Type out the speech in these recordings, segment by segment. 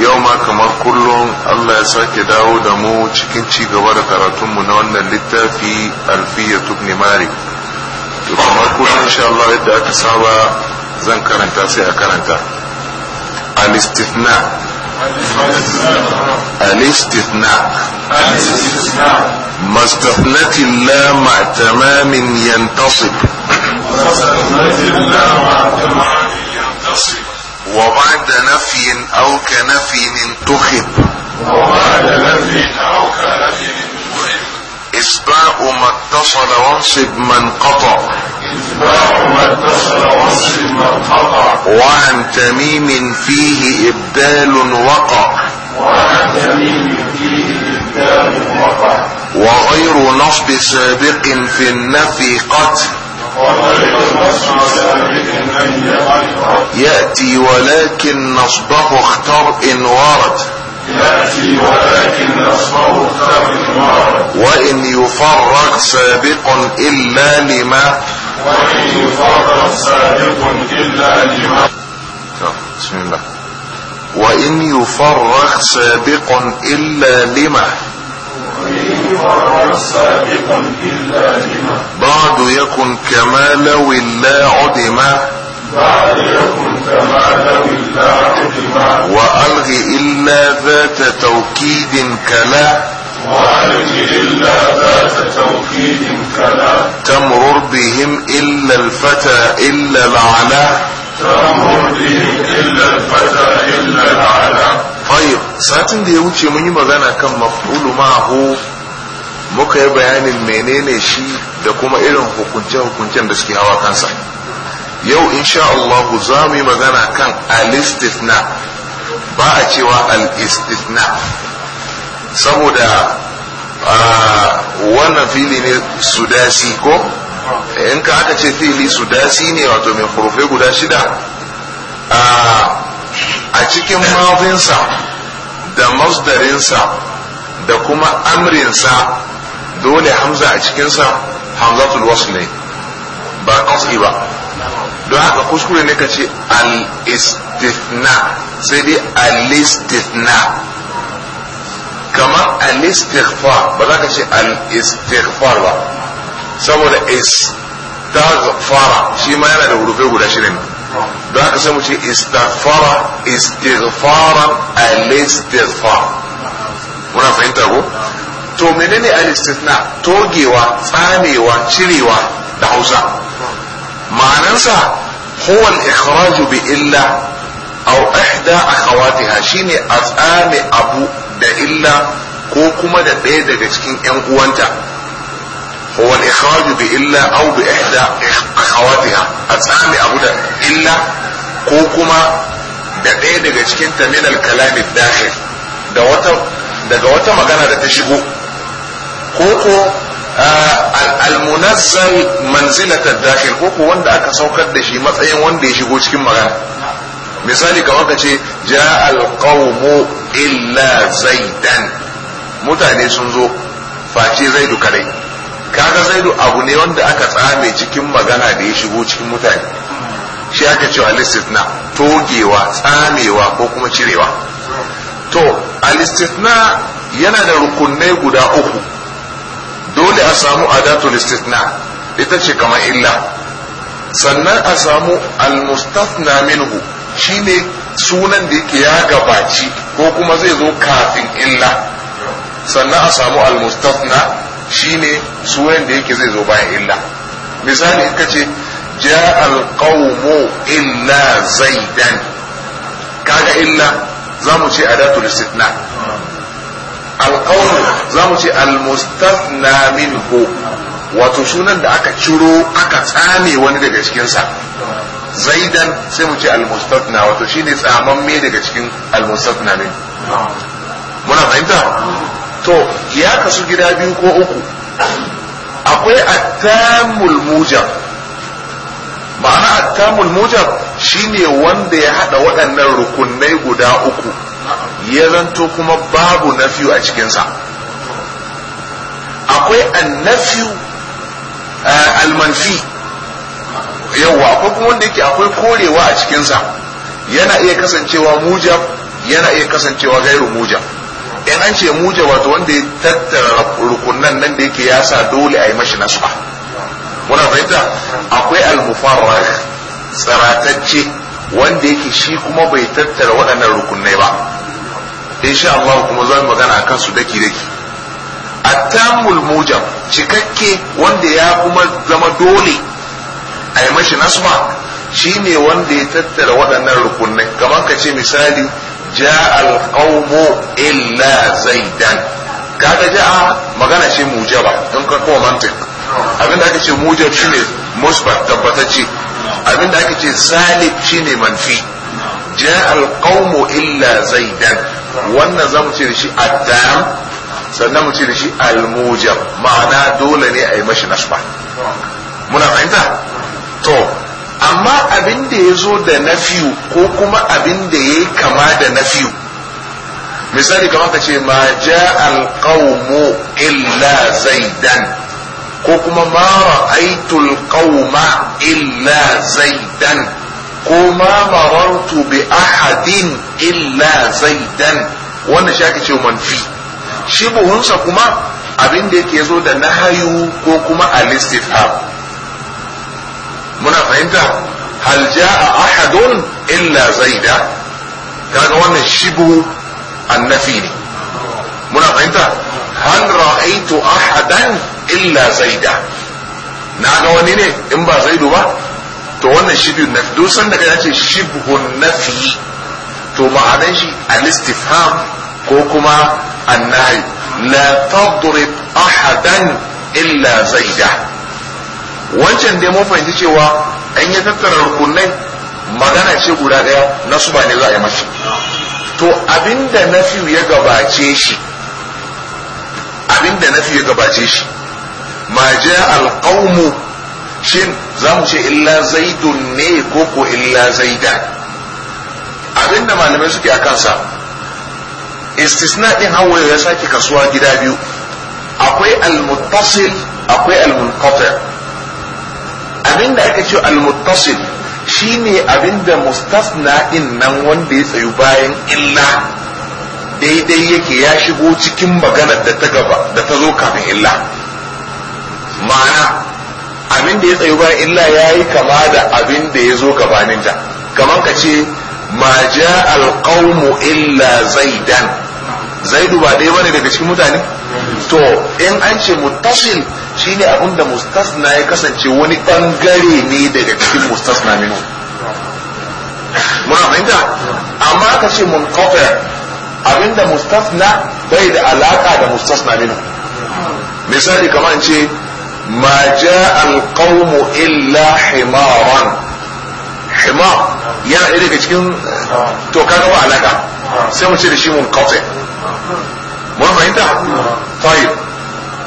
yau ma kamar kullum Allah ya sake dawo da mu cikin ci gaba da karatunmu na wannan littafi alfiya tubni mari to kamar kullum insha Allah yadda aka saba zan karanta sai a karanta al-istithna al-istithna ما استثنت الله مع تمام ينتصب ما استثنت الله مع تمام ينتصب وبعد نفي او كنفي انتخب وبعد نفي او كنفي انتخب اسباء ما اتصل وانصب ما انقطع اسباء ما اتصل وانصب ما انقطع وعن تميم فيه ابدال وقع وعن تميم فيه ابدال وقع وغير نصب سابق في النفي قتل يأتي ولكن نصبه اختر إن ورد يأتي ولكن نصبه اختر إن وارد وإن يفرق سابق إلا لما وإن يفرق سابق إلا لما بسم الله وإن يفرق سابق إلا لما وإن فالرأي سابق إلا لما بعد يكن كما لو لا عدم بعد يكن كما لو لا عدم وألغ إلا ذات توكيد كلا وألغ إلا ذات توكيد كلا تمرر بهم إلا الفتى إلا العلا تمرر بهم إلا الفتى إلا العلا طيب ساعتين دي يوجي مني مغانا كم مفعول معه muka yi bayanin menene shi da kuma irin hukunce-hukuncen da suke hawa kansa yau insha Allah za mu yi magana kan al-istisna ba a cewa al-istisna saboda wannan fili ne sudasi ko in ka aka ce fili sudasi ne wato mai hurufe guda shida a cikin mafinsa da masdarinsa da kuma amrinsa dole hamza a cikinsa hamzatul wasl ne ba qas'i ba don haka kuskure ne ka ce al-istithna sai dai al-istithna kamar al-istighfar ba za ka ce al-istighfar ba saboda istaghfara shi ma yana da hurufe guda shirin don haka sai mu ce istaghfara istighfaran al-istighfar muna fahimta ko to menene al-istithna togewa tsamewa cirewa da Hausa ma'anansa huwa al-ikhraju bi illa aw ihda akhawatiha shine a tsame abu da illa ko kuma da ɗaya daga cikin yan uwanta huwa al-ikhraju bi illa aw bi ihda akhawatiha a tsame abu da illa ko kuma da ɗaya daga cikin ta min al-kalam dakhil da wata daga wata magana da ta shigo koko al-munazzal dakhil koko wanda aka saukar da shi matsayin wanda ya shigo cikin magana misali kamar ka ce ja al-qawmu illa zaidan mutane sun zo face zaidu kadai kaga zaidu abu ne wanda aka tsame cikin magana da ya shigo cikin mutane shi aka ce al-istithna togewa tsamewa ko kuma cirewa to al-istithna yana da rukunai guda uku dole a samu adatul istithna ita ce kamar illa sannan a samu almustathna minhu shine sunan da yake ya gabaci ko kuma zai zo kafin illa sannan a samu almustathna shine sunan da yake zai zo bayan illa misali in ce ja alqawmu illa zaidan kaga illa za mu ce adatul istithna alƙawar za mu ce almustafna minhu wato sunan da aka ciro aka tsame wani daga cikinsa zaidan sai mu ce almustafna wato shine me daga cikin almustafna min muna fahimta to ya kasu gida biyu ko uku akwai attamul mujab ma'ana attamul mujab shine wanda ya hada waɗannan rukunai guda uku ya zanto kuma babu nafiyu a cikinsa akwai annafiyu almanfi yawwa akwai kuma wanda yake akwai korewa a cikinsa yana iya kasancewa mujab yana iya kasancewa gairu mujab in an ce muja wato wanda ya tattara rukunan nan da yake yasa dole a yi mashi nasuwa muna fahimta akwai almufarrak tsaratacce wanda yake shi kuma bai tattara waɗannan rukunai ba insha Allah kuma zan mu magana akan su daki daki attamul mujab cikakke wanda ya kuma zama dole a yi mashi nasba shine wanda ya tattara waɗannan rukunai kamar ka ce misali ja alqaumu illa zaidan kaga ja magana ce mujaba in ka kuma mantik abinda aka ce mujab shine musbat tabbatacce abinda aka ce salib shine manfi ja alqaumu illa zaidan wannan za mu ce da shi addam sannan mu ce da shi almujab ma'ana dole ne a yi mashi nasba muna fahimta to amma abin da ya zo da nafiyu ko kuma abin da ya yi kama da nafiyu misali kamar ka ce ma ja alqawmu illa zaidan ko kuma ma ra'aytul qauma illa dan. kuma marartu bi ahadin illa zaidan wannan shi ake ce manfi shi buhunsa kuma abin da yake zo da na nahayu ko kuma al-istifham muna fahimta a jaa ahadun illa zaida kaga wannan shibu annafi ne muna fahimta hal ra'aitu ahadan illa zaida na ga wani ne in ba zai duba. to wannan biyu nafi duk san da kace shibhun nafi to ma'anar shi al-istifham ko kuma annahi la tadrib ahadan illa zaida wancan dai mun fahimci cewa an ya tattara rukunai magana ce guda daya na su ne za a yi mashi to abinda nafi ya gabace shi abinda nafi ya gabace shi ma ja al-qawmu shin za mu ce illa zaidun ne ko ko illa abin abinda malamai suke a kansa istisna din hawaye ya sake kasuwa gida biyu akwai almuttasil akwai almunqati abinda aka ce almuttasil shine abinda mustasna din nan wanda ya tsayu bayan illa daidai yake ya shigo cikin maganar da ta gaba da ta zo kafin illa ma'ana abin da ya tsayu ba illa ya yi kama da abin da ya zo gabanin ta kaman ka ce ma ja alqawmu illa zaidan zaidu ba ɗaya bane daga cikin mutane to in an ce shi shine abin da mustasna ya kasance wani bangare ne daga cikin mustasna minu. muna fahimta amma ka ce mun kofar abin da mustasna bai da alaƙa da mustasna minu misali kamar ce ma ja alƙaumu illa himaran himar yana ɗaya daga cikin to ka gaba alaka sai mu da shi mun kautse mun fahimta tayyib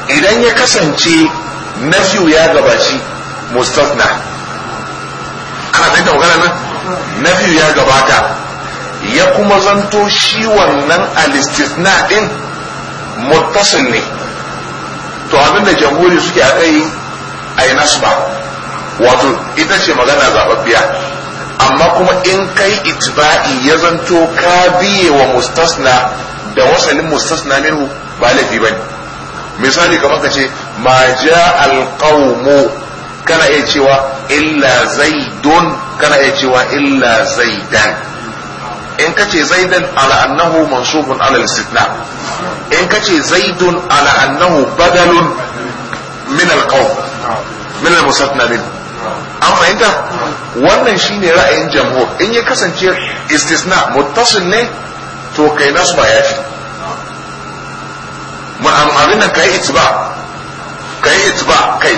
idan ya kasance nafiyu ya gabaci mustafna ana fahimta magana nan nafiyu ya gabata ya kuma zanto shi wannan alistithna din muttasil ne to abin da jamhuri suke a kai a yi nasba wato ita ce magana zababbiya amma kuma in kai itiba'i ya zanto ka biye wa mustasna da wasalin mustasna minhu ba laifi ba ne misali kamar ka ce ma ja alqawmu kana iya cewa illa zaidun kana iya cewa illa zaidan in ka kace zaidan ala annahu mansubun ala istithna in ka ce zaidun ala annahu badalun min alqawm min almusatna min an fahimta wannan shine ra'ayin jamhur in ya kasance istisna muttasil ne to kai nasu ba yafi ma'amarin nan kai itba kai itba kai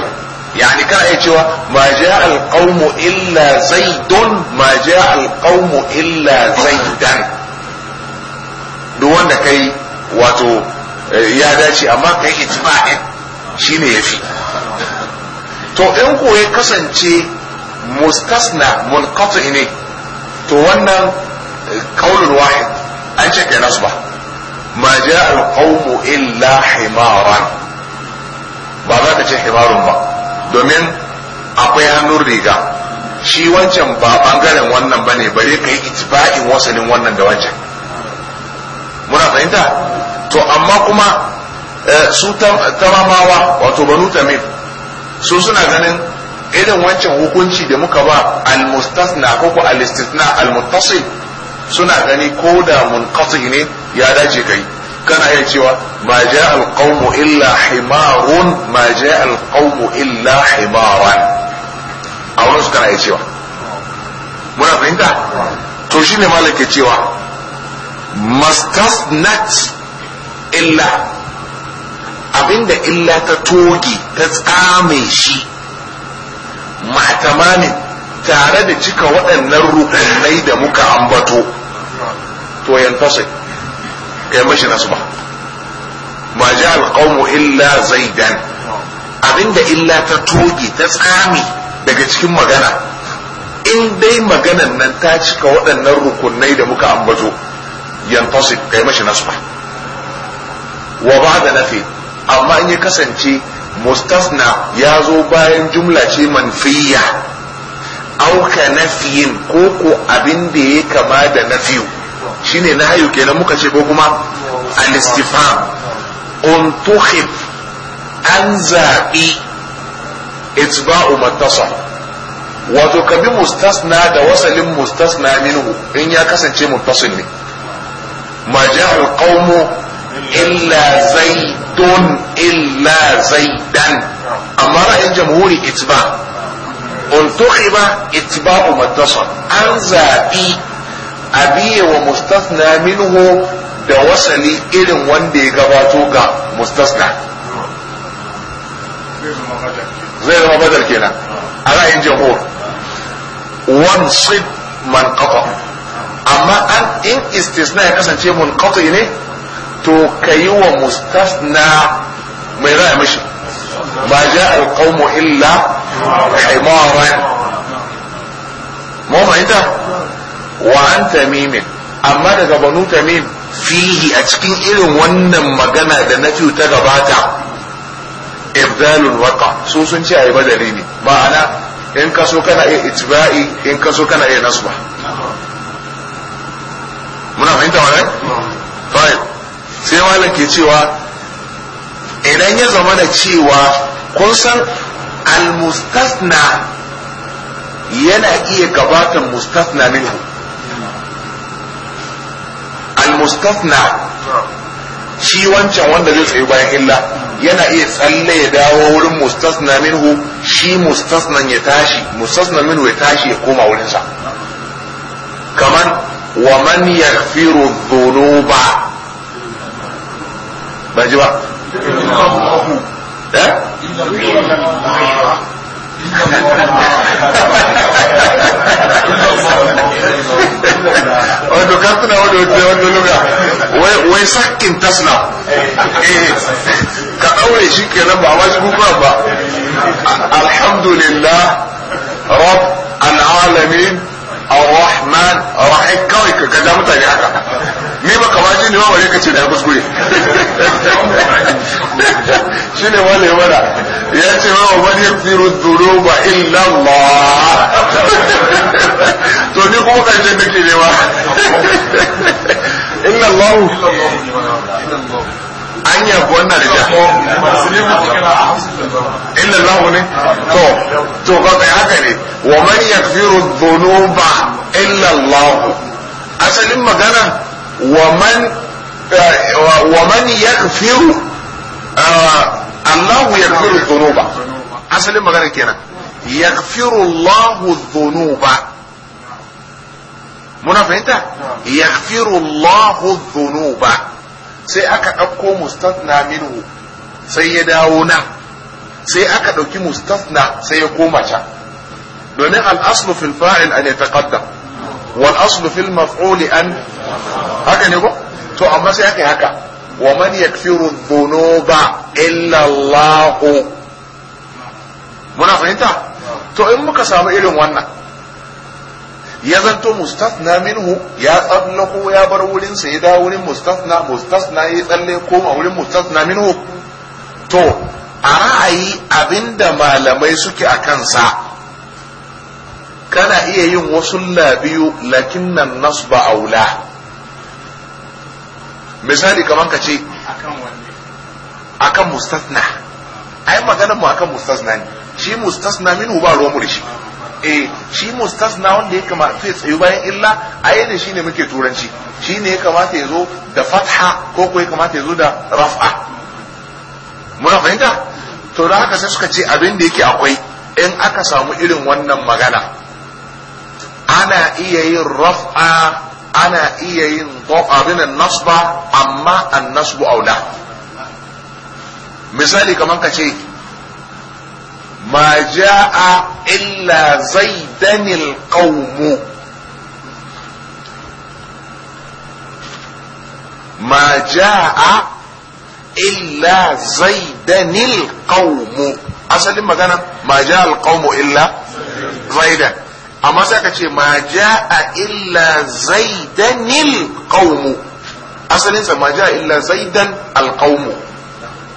yani kana iya cewa ma ja'a alqawmu illa zaidun ma ja'a alqawmu illa zaidan duk wanda wato ya dace amma kai ijma'in shine yafi to in ko ya kasance mustasna munqati ne to wannan qaulul wahid an ce kai nasu ba ما جاء القوم إلا حمارا ba za ka ce himarun ba domin akwai hannun riga shi wancan ba bangaren wannan ba ne bare ka yi itiba'in wasanin wannan da wancan muna fahimta to amma kuma eh, su tamamawa wato banu tamim su suna ganin irin wancan hukunci da muka ba al-mustasna ko ko al-istisna suna gani ko da munqati ne ya dace kai kana iya cewa ma ja alqawmu illa himarun ma ja alqawmu illa himaran a wurin kana iya cewa muna fahimta to shi ne ke cewa mastasnat illa abinda illa ta toge ta tsame shi mahtamanin tare da cika waɗannan rukunai da muka ambato to yantasai kai mashi nasu ba ma ja alqawmu illa zaidan abinda illa ta toge ta tsami daga cikin magana in dai maganan nan ta cika waɗannan rukunai da muka ambato yantasib kai mashi nasu ba wa ba'da nafi amma in ya kasance mustasna ya zo bayan jumla ce manfiya auka nafiyin ko ko abin da ya kama da nafiyu shine na hayu kenan muka ce ko kuma al-istifham untukhib an zaɓi itba'u mattasal wato ka bi mustasna da wasalin mustasna minhu in ya kasance muttasil ne majal qaumu illa zaidun illa zaidan amma ra'ayin jamhuri itba untukhiba itba'u mattasal an zaɓi Abiye wa mustasna minhu da wasali irin wanda ya gabato ga mustasna zai zama Badar kenan a ra'ayin jamhur wansib man qata amma an in istisna ya kasance mun qati ne to kayi wa mustasna mai ra'ayi mishi ma ja al-qawmu illa himaran mu fahimta wa an tamimin amma daga banu tamim fihi a cikin irin wannan magana da na ta gabata ibdalul waqa su sun ce ayi badali ne ma'ana in ka so kana iya itba'i in ka so kana iya nasba muna fahimta wannan fa'il sai malam ke cewa idan ya zama da cewa kun san al-mustasna yana iya gabatar mustasna minhu al-mustafna shi wancan wanda zai tsayi bayan illa yana iya tsalle ya dawo wurin mustasna minhu shi mustasnan ya tashi mustasna minhu ya tashi ya koma wurinsa kaman wa man yaghfiru dhunuba ba ji ba eh? fi sakin tasna eh, ka aure shi nan ba ma kuma ba alhamdulillah rabb alalamin arrahman rahim kawai ka kaza mutane haka ni ba kama shi ne ba wani kace da ya kuskure shi ne wale mana ya ce ma wa man yaghfiru dhunuba illa Allah to ni kuma kan ce nake ne ba إلا الله an yabi wannan rija illa Allah ne to to ba kai haka ne wa man yaghfiru dhunuba illa Allah asalin magana wa man wa man yaghfiru Allah yaghfiru dhunuba asalin magana kenan yaghfiru Allah dhunuba muna fahimta yaghfiru Allahu dhunuba sai aka ɗauko mustafna minhu sai ya dawo na. sai aka ɗauki mustafna sai ya koma can domin al-aslu fil fa'il an yataqaddam wal aslu fil an haka ne ko to amma sai aka yi haka wa man yakfiru dhunuba illa Allah muna fahimta to in muka samu irin wannan ya zanto mustafna minhu ya tsallako ya bar wurin sa ya da wurin mustafna mustafna ya tsalle koma wurin mustafna minhu to a ra'ayi abinda malamai suke a kansa kana iya yin wasu labiyu lakinnan nasba aula misali kaman ka ce akan mustafna ai maganar mu akan mustasna ne shi mustasna minhu ba ruwan murshi shi eh shi mustasna wanda ya kamata ya tsayu bayan illa a da shi ne muke turanci shi ne ya kamata ya da fatha ko ko ya kamata ya zo da raf'a muna fahimta to da haka sai suka ce abin da yake akwai in aka samu irin wannan magana ana iya yin raf'a ana iya yin abin nasba amma an nasbu aula misali kamar ka ce ما جاء إلا زيدا القوم ما جاء إلا زيدا القوم أصل ما كان ما جاء القوم إلا زيدا أما سأكتش ما جاء إلا زيدا القوم أصل ما جاء إلا زيدا القوم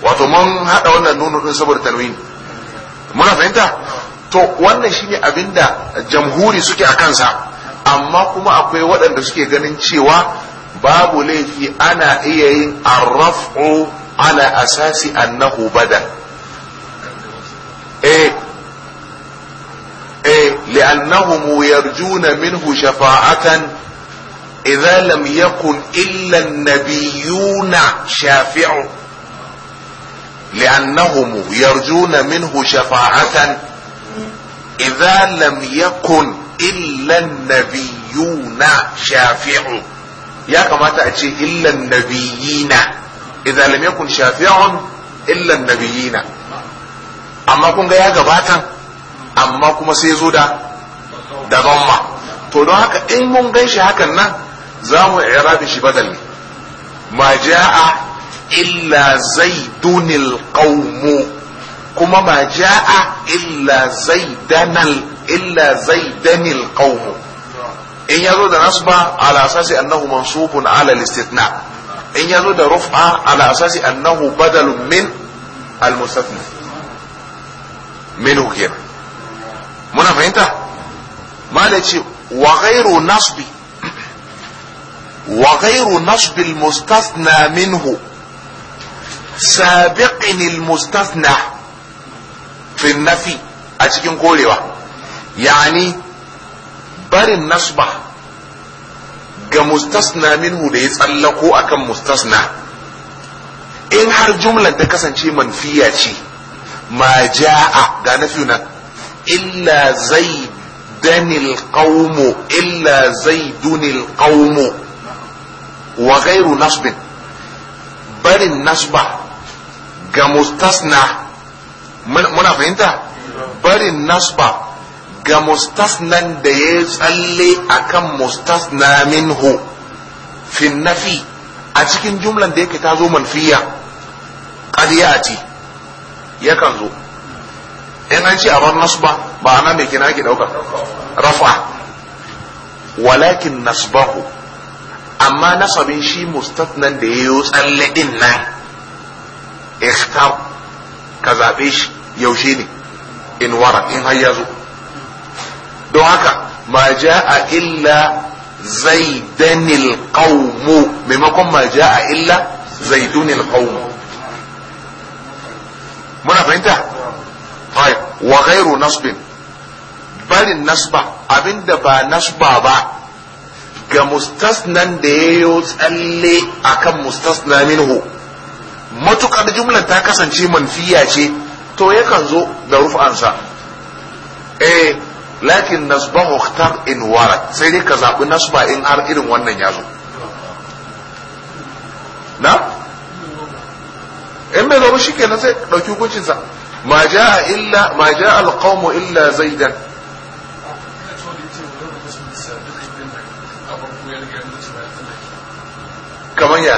وتمن هذا وانا نون saboda تنوين muna fahimta to wannan shine abinda jamhuri suke a kansa amma kuma akwai waɗanda suke ganin cewa babu laifi ana iya yin arraf'u ala asasi annahu badal eh eh li'annahum yarjuna minhu shafa'atan idza lam yakun illa an-nabiyyuna shafi'u لأنهم يرجون منه شفاعة إذا لم يكن إلا النبيون شافع يا كما تأتي إلا النبيين إذا لم يكن شافع إلا النبيين أما كن يا جباتا أما كما سيزودا da zamma to don haka in mun gan shi hakan nan za mu irabi shi badal ne ma ja'a illa zaidunil qaumu kuma ma ja'a illa zaidanal illa zaidanil qaumu in yazo da nasba ala annahu mansubun ala al-istithna in yazo da rufa ala asasi annahu badalun min al-mustathna minhu muna fahimta malaci wa ghairu nasbi wa minhu سابق المستثنى في a cikin قولي يعني barin nasba ga mustasna minhu da ya tsallako akan mustasna in har jumlan ta kasance manfiya ce ma ja'a ga nafi na. illa zaidanil ƙaumu. illa zaidunil qaumu wa gairu nasbin barin nasba ga mustasna muna fahimta barin nasba ga mustasnan da ya tsalle a akan mustasna minhu fi a cikin jumlan da yake ta zo manfiya ƙarya ce yakan zo in an ce a bar nasba ba ana mai kina ake ɗauka rafa walakin nasbahu amma nasabin shi mustasnan da ya yi tsalle din nan اختار كذا بيش يوشيني ان ورا ان هيزو دعاك ما جاء الا زيدن القوم بما ما جاء الا زيدون القوم منا فهمت طيب وغير نصب بل النصب ابن دبا نصب با ga mustasnan da ya yi tsalle matukar jumlan ta kasance manfiya ce to yakan zo da rufansa E, lakin nasbahu ikhtar in warat sai dai ka zabi nasba in har irin wannan ya zo na in bai zo ba shikenan sai ɗauki hukuncinsa. sa ma jaa illa ma jaa alqawm illa zaidan kaman ya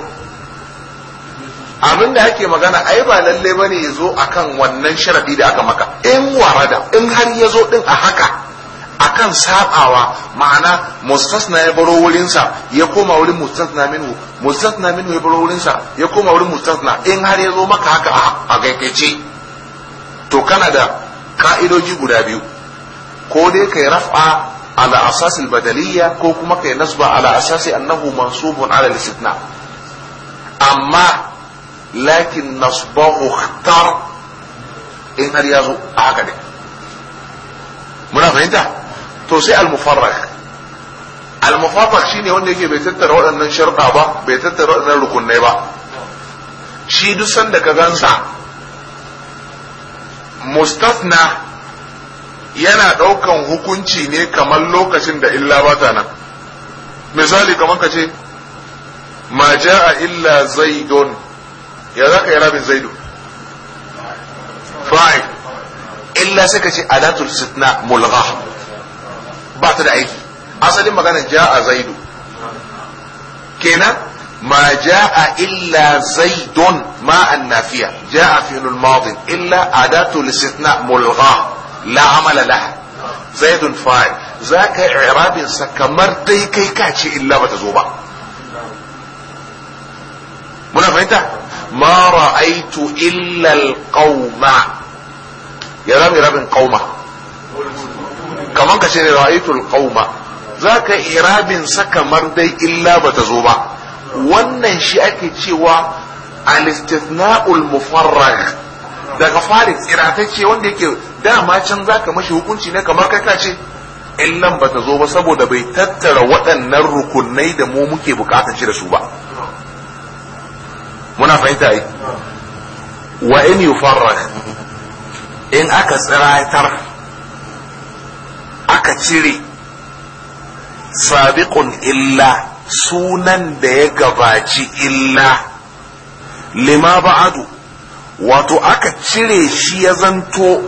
abinda da ake magana ai ba lalle bane ya zo akan wannan sharadi da aka maka in warada in har ya zo din a haka akan sabawa ma'ana mustasna ya baro wurinsa ya koma wurin mustasna minhu mustasna minhu ya baro wurinsa ya koma wurin mustasna in har ya zo maka haka a gaikace to kana da ka'idoji guda biyu ko dai kai raf'a ala asasil badaliyya ko kuma kai nasba ala asasi annahu mansubun ala al-istithna amma lakin nasbahu ikhtar in har ya zo a haka ne muna fahimta to sai al-mufarrak al shine wanda yake bai tattara waɗannan sharɗa ba bai tattara waɗannan rukunai ba shi duk sanda ka gansa mustafna yana ɗaukan hukunci ne kamar lokacin da illa bata nan misali kamar ka ce ma ja'a illa zaidun ya za ka yi rabin zaidu fa'il illa sai ka ce adatul sitna mulgha ba ta da aiki asalin magana ja a zaidu kenan ma ja a illa zaidun ma an nafiya. Ja a al-madi illa adatul sitna mulgha la amala laha zaidun fa'il za ka yi irabin sa kamar dai kai ka ce illa ba ta zo ba muna fahimta ma ra'aitu illa alqauma ya rabi rabin qauma kaman ka ce ne ra'aitu alqauma zaka irabin sa kamar dai illa bata zo ba wannan shi ake cewa al-istithna'ul mufarrag daga farin ce wanda yake dama can zaka mashi hukunci ne kamar kai ka ce illan bata zo ba saboda bai tattara waɗannan rukunai da mu muke bukatar shi da su ba muna fahimta yi wa in yufarrag in aka tsiratar aka cire sabiqun illa sunan da ya gabaci illa lima ba'adu wato aka cire shi ya zanto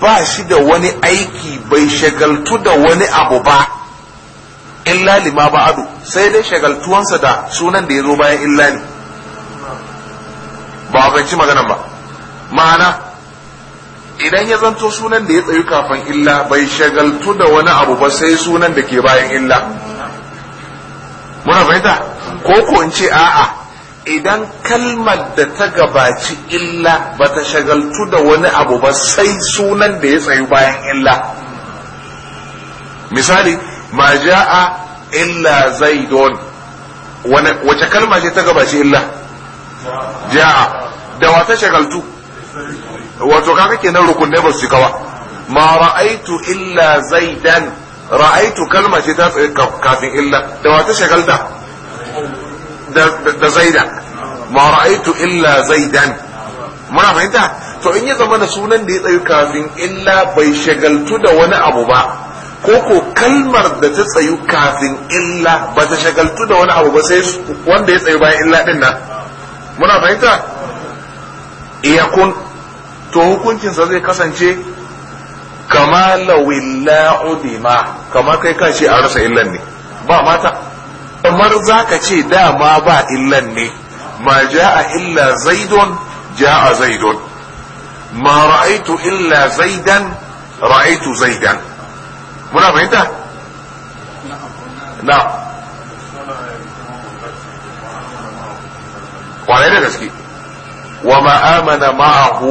ba shi da wani aiki bai shagaltu da wani abu ba illa lima ba'adu sai dai shagaltuwansa da sunan da ya zo bayan illa ne ba a ci maganan ba ma'ana idan ya zanto sunan da ya tsayu kafin illa bai shagaltu da wani abu ba sai sunan da ke bayan illa muna fahimta ko ko in ce a'a idan kalmar da ta gabaci illa ba ta shagaltu da wani abu ba sai sunan da ya tsayu bayan illa misali ma ja'a illa zaidon wace kalma ce ta gabaci illa ja'a da wata shagaltu wato nan kenan rukunai ba su kawa ma ra'aitu illa zaidan ra'aitu kalma ce ta tsaye kafin illa da wata shagalta da zaida ma ra'aitu illa zaidan muna fahimta to in ya zama da sunan da ya tsayu kafin illa bai shagaltu da wani abu ba ko ko kalmar da ta tsayu kafin illa ba ta shagaltu da wani abu ba sai wanda ya tsayu bayan illa din nan muna fahimta iyakun to hukuncinsa zai kasance kama lawilla udima kama kai ka ce a rasa illan ne ba mata kamar za ka ce dama ba illan ne ma ja'a illa zaidon ja'a zaidon ma ra'aitu illa zaidan ra'aitu zaidan muna fahimta na kwarai da gaske wa ma'amana ma'ahu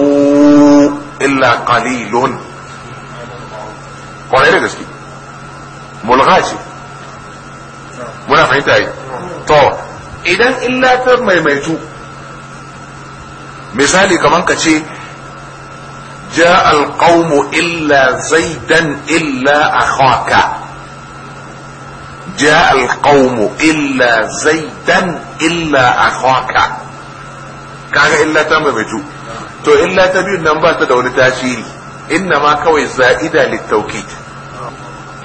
illa qalilun kwarai da gaske mulgha ce muna fahimta yi to idan illa ta maimaitu misali kamar ka ce ja alƙaunu illa zaidan illa akhaka جاء القوم إلا زيدا إلا أخاك كان إلا تم بجو تو إلا تبيو نمبر تدون تاشيري إنما كوي زائدة للتوكيد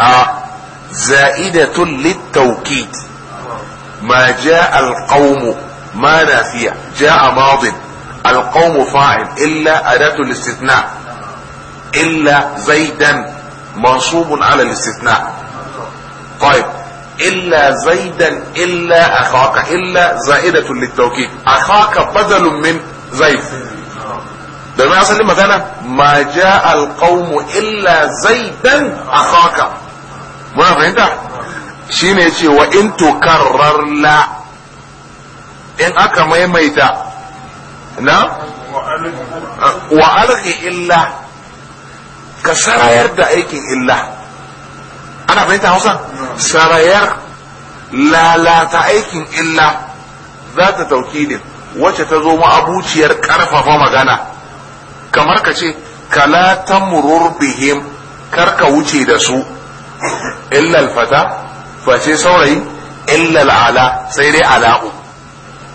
آه. زائدة للتوكيد ما جاء القوم ما نافية جاء ماض القوم فاعل إلا أداة الاستثناء إلا زيدا منصوب على الاستثناء طيب إلا زيدا إلا أخاك إلا زائدة للتوكيد أخاك بدل من زيد ده ما أصل مثلا ما جاء القوم إلا زيدا أخاك ما فهمت شيني يجي وإن تكرر لا إن أكا ميميتا نعم وألغي إلا ka sarayar da aikin illa ana fahimta hausa sarayar lalata aikin illa za ta ni. wacce ta zo ma'abuciyar karfafa magana kamar ka ce kala ta bihim kar ka wuce da su illal fata face saurayi illal ala sai dai ala'u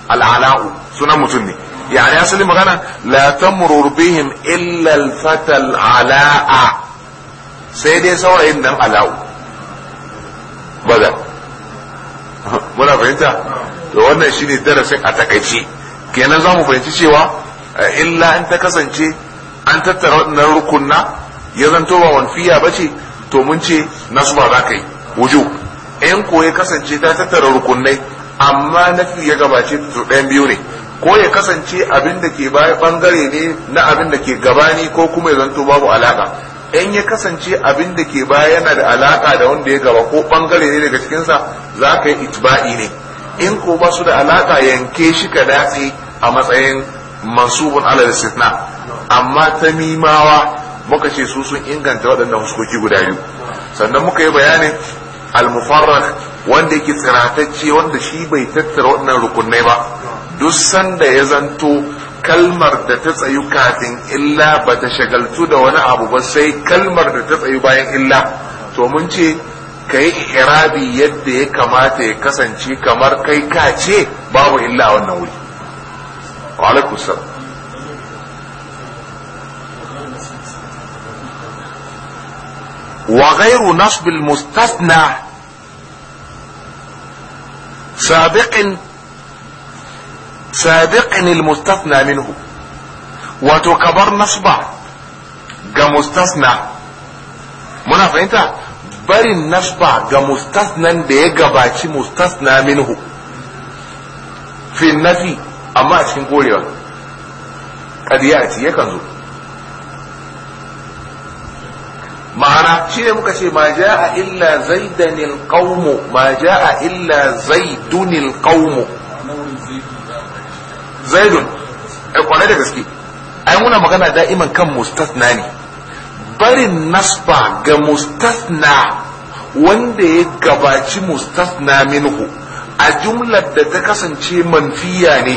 al'ala'u sunan mutum ne يعني أصل مغانا لا تمرر illal fata الفتى sai dai saurayin nan al'a'u. baza muna fahimta to wannan shine darasin a takaice kenan za mu fahimci cewa eh, illa in ta kasance an tattara waɗannan rukunna ya zanto ba wanfiya ba ce to mun ce nasu ba za ka yi wuju in ko ya kasance ta tattara rukunnai amma nafi ya gabace to ɗayan biyu ne ko ya kasance abin da ke baya bangare ne na abin da ke gabani ko kuma ya zanto babu alaka in ya kasance abin da ke baya yana da alaka da wanda ya gaba ko bangare ne daga cikinsa za ka yi itba'i ne in ko ba su da alaka yanke shi ka datse a matsayin mansubun alal sitna amma ta mimawa muka ce su sun inganta waɗannan huskoki guda biyu sannan muka yi bayanin al wanda yake tsiratacce wanda shi bai tattara waɗannan rukunai ba duk sanda ya zanto kalmar da ta tsayu kafin illa ba ta shagaltu da wani abu ba sai kalmar da ta tsayu bayan illa to mun ce ka yi irabi yadda ya kamata ya kasance kamar kai ka ce babu illa wannan wuri alaikusar wa gairu nasbil mustasna sabiqin sabiqin almustathna minhu wato kabar nasba ga mustasna muna fahimta barin nasba ga mustasnan da ya gabaci mustasna minhu fi nafi amma a cikin korewa kadiyati yakan zo ma'ana ne muka ce ma a illa zaidanil qaumu ma ja'a illa zaidunil qaumu zaidun ai kwarai da gaske ai muna magana da'iman kan mustasna ne barin nasba ga mustasna wanda ya gabaci mustasna minhu a jumlar da ta kasance manfiya ne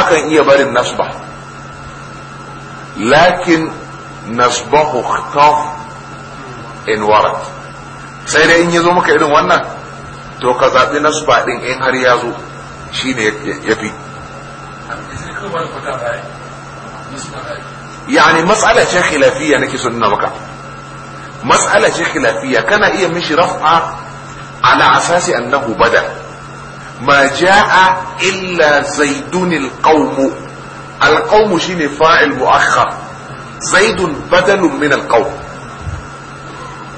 akan iya barin nasba lakin nasbahu khaf in warat sai dai in yazo maka irin wannan to ka zaɓi nasba ɗin in har ya zo ne ya fi yani matsala ce khilafiyya nake so nuna maka matsala ce khilafiyya kana iya mishi raf'a ala asasi annahu bada ma jaa illa zaidun alqawm alqawm shine fa'il muakhar zaidun badalun min alqawm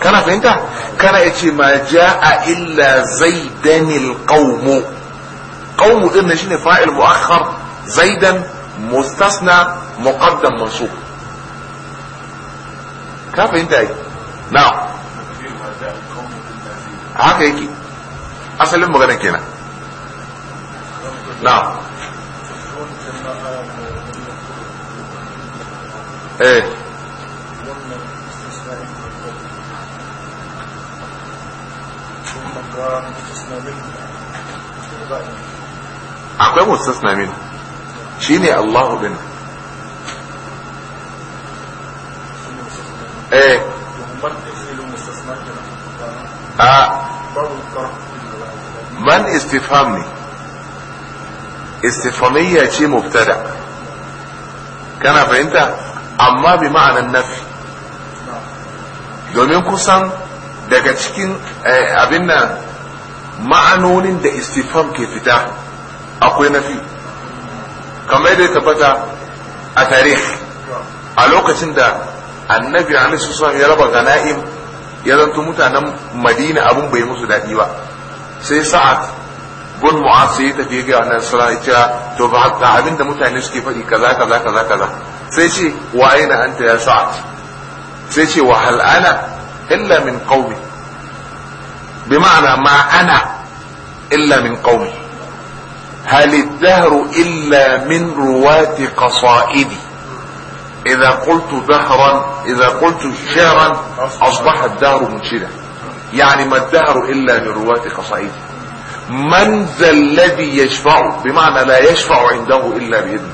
kana fahimta kana yace ma jaa illa zaidan alqawm qawm din shine fa'il muakhar zaidan mustasna muqaddam mansub ka fahimta yake na haka yake asalin magana kenan na akwai mustasna min shine Allahu din eh. a man istifham ne istifhamiyya ce mubtada kana fahimta amma bi ma'anan nafi domin kusan daga cikin eh, abin nan ma'anonin da istifam ke fita akwai nafi kamar yadda ya tabbata a tarih a lokacin da annabi a nasu ya raba gana'im ya zanto mutanen madina abin bai musu daɗi ba sai sa'ad gun mu'az sai ya tafi ga annabi sallallahu alaihi wasallam ah, to ba ga abin da mutane suke faɗi kaza kaza kaza kaza sai ce wa aina anta ya sa'ad sai ce wa hal ana illa min qaumi bi ma'ana ma ana illa min qaumi هل الدهر إلا من رواة قصائدي إذا قلت دهرا إذا قلت شعرا أصبح الدهر منشدا يعني ما الدهر إلا من رواة قصائدي من ذا الذي يشفع بمعنى لا يشفع عنده إلا بإذنه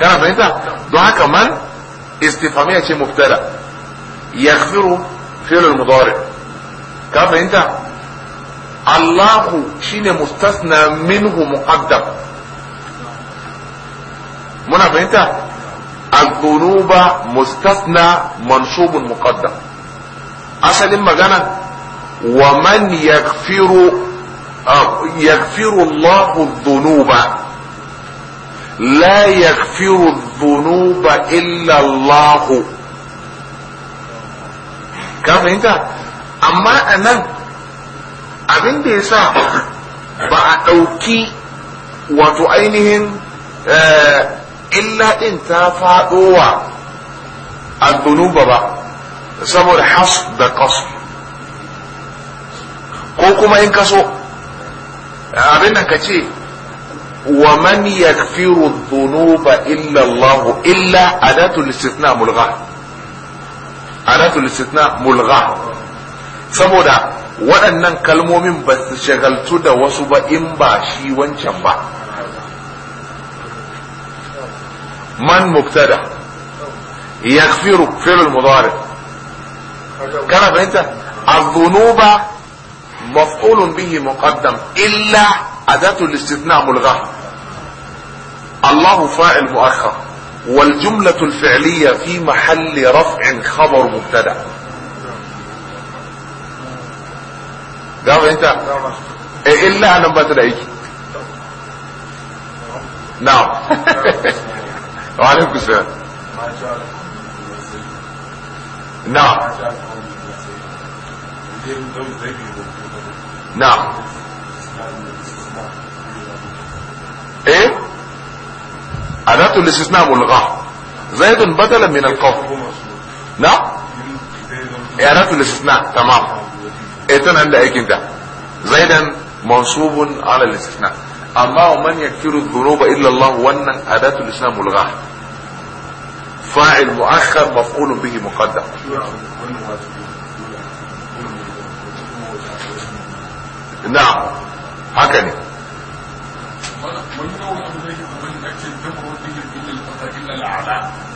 كان فهمت إيه دعاك من استفهامية مبتلى يغفر فعل المضارع كان فهمت إيه الله شين مستثنى منه مقدم منا فهمت الذنوب مستثنى منصوب مقدم اصل ما جانا ومن يغفر آه، يغفر الله الذنوب لا يغفر الذنوب الا الله كم انت اما انا abin da ya sa ba a ɗauki wato ainihin eh, illa ɗin ta faɗowa al-dunuba ba saboda has da kasu ko kuma in kaso abin nan ka ce wa man yakfiru dhunuba illa Allah illa adatu istithna mulgha adatu istithna mulgha saboda waɗannan kalmomin ba su shagaltu da wasu ba in ba shi wancan ba man mubtada yaghfiru fi'l al-mudari kana fahimta adh-dhunuba maf'ulun bihi muqaddam illa adatu al-istithna mulghah الله فاعل مؤخر والجملة الفعلية fi mahalli raf’in khabar mubtada' za mu yanta eh illa anan ba ta da aiki na'am wa alaikum salam نعم نعم ايه اداة الاستثناء ملغاة زيد بدلا من القول نعم اداة الاستثناء تمام إيه عند ده أيكين ده زيدا منصوب على الاستثناء أما من يكفر الذنوب إلا الله وانا أداة الإسلام ملغاة فاعل مؤخر مفعول به مقدم نعم هكذا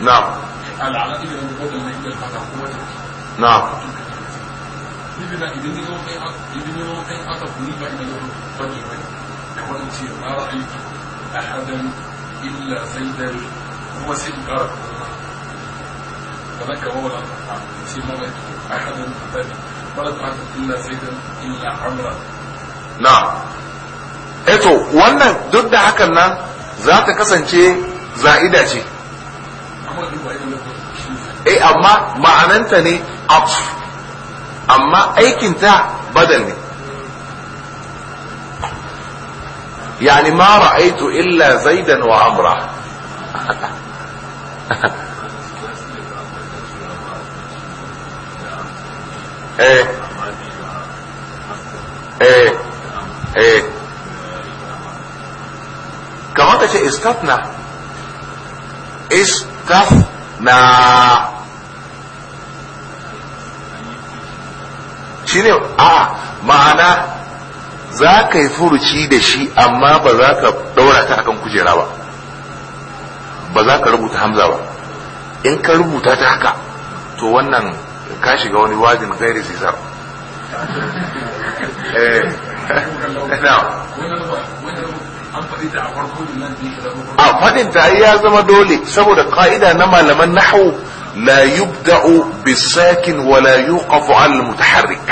نعم نعم bida idan kai idan kai aka kuni ba yau ce ahadan illa kuma sai in kuma ka wala ce ma ahadan ta illa illa amra na eto eh wannan duk da hakan nan za ta kasance za'ida ce eh amma ma'ananta ne atf amma aikinta badal ne يعني ما رأيت إلا زيدا وعمرة ايه ايه ايه كمان ده شيء استثنى استثنى shi ne a ma'ana za ka yi furuci da shi amma ba za ka ɗaura ta akan kujera ba ba za ka rubuta hamza ba in ka rubuta ta haka to wannan ka shiga wani wajin gairi sisar eh, a faɗin ta ya zama dole saboda ƙa'ida na malaman nahawu la yubda'u bisakin wa la yuqafu al mutaharrik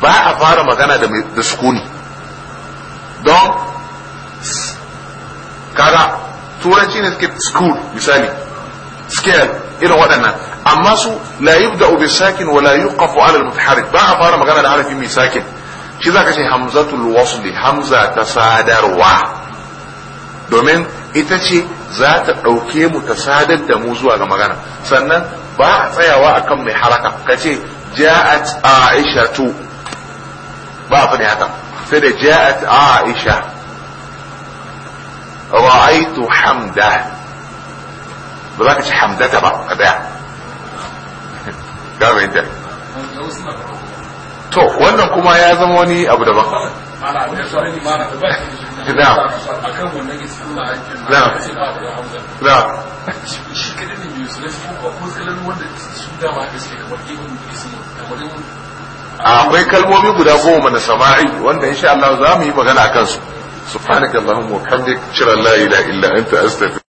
ba a magana da sukuni don kaga turanci ne suke school misali scale irin waɗannan amma su la yubda'u bisakin wa la yuqafu al mutaharrik ba a fara magana da harafin mai sakin shi zaka ce wasli hamza ta sadarwa domin ita ce za ta ɗauke mu ta sadar da mu zuwa ga magana sannan ba a tsayawa a kan mai haraka ka ce ja'at aisha tu ba a haka sai da ja'at aisha ra'aitu hamda ba za ka ci hamdata ba ka daya ga to wannan kuma ya zama wani abu daban akwai kalmomi guda goma na sama'i wanda insha Allah za mu yi magana kansu. su subhanakallahumma wa bihamdik shira la ilaha illa anta astaghfiruka